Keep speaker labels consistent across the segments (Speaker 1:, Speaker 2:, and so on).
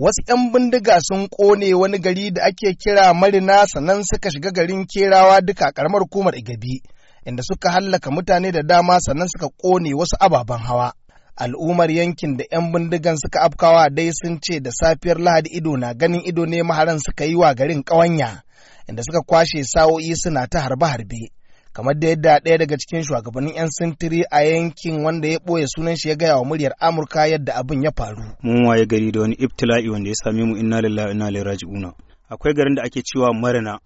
Speaker 1: wasu 'yan bindiga sun ƙone wani gari da ake kira marina sannan suka shiga garin kerawa duka a ƙaramar hukumar igabi inda suka hallaka mutane da dama sannan suka ƙone wasu ababen hawa al'ummar yankin da 'yan bindigan suka afkawa dai sun ce da safiyar lahadi ido na ganin ido ne maharan suka yi wa garin ƙawanya inda suka kwashe sa'o'i suna ta harbe-harbe kamar da yadda ɗaya daga cikin shugabannin 'yan sintiri a yankin wanda ya ɓoye sunan shi ya gaya wa muryar amurka yadda abin ya faru
Speaker 2: mun waye gari da wani ibtila'i wanda ya same mu inna lillahi inna ilaihi raji'una akwai garin da ake cewa marana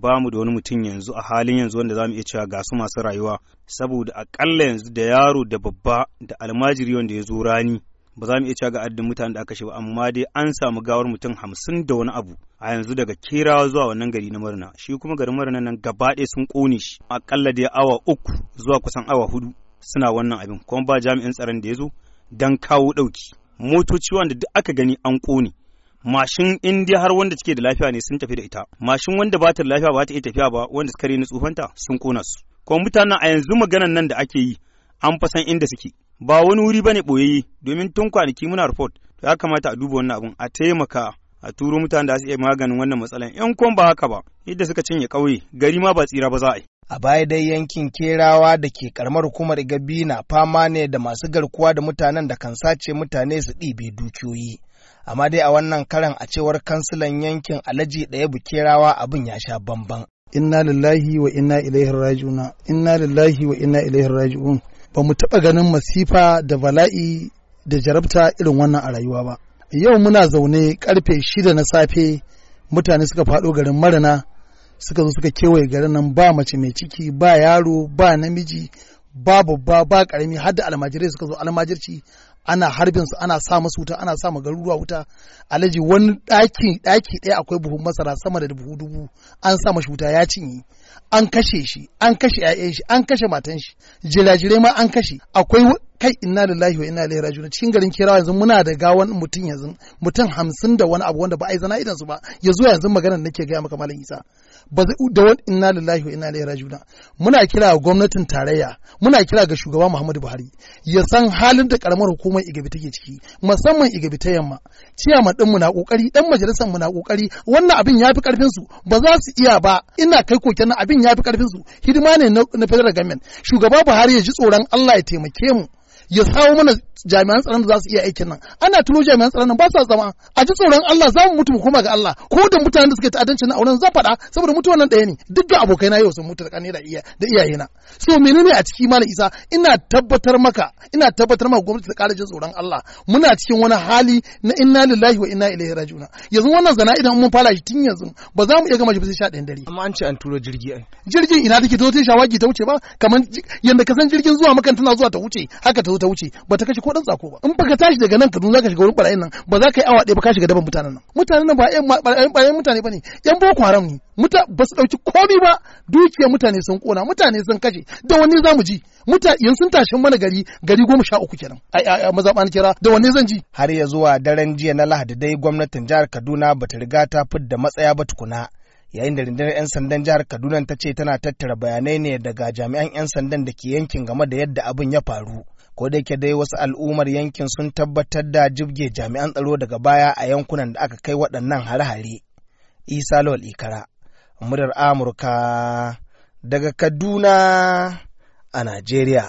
Speaker 2: ba mu da wani mutum yanzu a halin yanzu wanda za mu iya cewa ga su masu rayuwa saboda akalla yanzu da yaro da babba da almajiri wanda ya zo rani ba za mu iya cewa ga addin mutanen da aka shi ba amma dai an samu gawar mutum hamsin da wani abu a yanzu daga kerawa zuwa wannan gari na murna shi kuma garin murna nan gaba ɗaya sun ƙone shi akalla dai awa uku zuwa kusan awa hudu suna wannan abin kuma ba jami'in tsaron da ya zo don kawo ɗauki motoci wanda duk aka gani an ƙone mashin indiya har wanda take da lafiya ne sun tafi da ita mashin wanda ba ta lafiya ba ta iya tafiya ba wanda suka rena tsufanta sun ƙona su kuma mutanen a yanzu maganan nan da ake yi an fasan inda suke ba wani wuri bane yi, domin tun kwanaki muna report to ya kamata a duba wannan abun a taimaka a turo mutanen da su iya maganin wannan matsalan in ba haka ba yadda suka cinye ƙauye gari ma ba tsira ba za a yi
Speaker 1: a baya dai yankin kerawa da ke karamar hukumar gabi na fama ne da masu garkuwa da mutanen da kan sace mutane su ɗibe dukiyoyi amma dai a wannan karan a cewar kansilan yankin alhaji ɗaya bukerawa abin ya sha bamban
Speaker 3: inna lillahi wa inna ilaihi ba mu taɓa ganin masifa da bala'i da jarabta irin wannan a rayuwa ba yau muna zaune karfe shida na safe mutane suka faɗo garin marana suka zo suka kewaye garin nan ba mace mai ciki ba yaro ba namiji ba babba ba karami har da almajirai suka zo almajirci ana harbin su ana sa musu wuta ana sa garuruwa wuta alaji wani daki daki ɗaya akwai buhun masara sama da buhu dubu an sa mashi wuta ya cinye an kashe shi an kashe ƴaƴan shi an kashe matan shi jilajirai ma an kashe akwai kai inna lillahi wa inna ilaihi raji'un cikin garin kirawa yanzu muna da gawan mutum yanzu mutum hamsin da wani abu wanda ba a yi zana idan su ba ya zo yanzu maganar nake gaya maka malam isa ba zai da wani inna lillahi wa inna ilaihi raji'un muna kira ga gwamnatin tarayya muna kira ga shugaba Muhammadu Buhari ya san halin da karamar hukumar Igabi take ciki musamman Igabi ta yamma ciyama din mu na kokari dan majalisar mu na kokari wannan abin yafi karfin su ba za su iya ba ina kai koken nan abin yafi karfin su hidima ne na federal government shugaba Buhari ya ji tsoron Allah ya taimake mu ya samu mana jami'an tsaron da za su iya aikin nan ana tuno jami'an tsaron nan ba sa zama a ji tsoron Allah za mu mutu mu koma ga Allah ko da mutanen da suke ta'addanci na auren zan faɗa saboda mutuwan nan ɗaya ne dukkan abokai na yau sun mutu da kane da iya da iyayena so menene a ciki malam Isa ina tabbatar maka ina tabbatar maka gwamnati ta ƙara jin tsoron Allah muna cikin wani hali na inna lillahi wa inna ilaihi raji'un yanzu wannan zana idan mun fara shi tun yanzu ba za mu iya gama shi ba sai sha ɗayan dare
Speaker 1: amma an ce an turo jirgi ai
Speaker 3: jirgin ina take to ta shawagi ta wuce ba kamar yanda ka san jirgin zuwa makan tana zuwa ta wuce haka ta ta ta wuce ba ta kashe ko dan tsako ba in baka tashi daga nan Kaduna zaka shiga wurin barayin nan ba za ka yi awa ɗaya ba ka shiga daban mutanen nan mutanen nan ba ƴan barayin mutane bane ƴan boko haram ne muta ba su dauki komai ba dukiyar mutane sun kona mutane sun kashe da wani mu ji muta yanzu sun tashin mana gari gari goma sha uku kenan ai ni kira da wani zan ji
Speaker 1: har ya zuwa daren jiya na Lahadi dai gwamnatin jihar Kaduna bata riga ta fidda matsaya ba tukuna yayin da rundunar 'yan sandan jihar kaduna ta ce tana tattara bayanai ne daga jami'an 'yan sandan da ke yankin game da yadda abin ya faru ko da yake dai wasu al'ummar yankin sun tabbatar da jibge jami'an tsaro daga baya a yankunan da aka kai waɗannan hare-hare isa lawal ikara muryar amurka daga kaduna a najeriya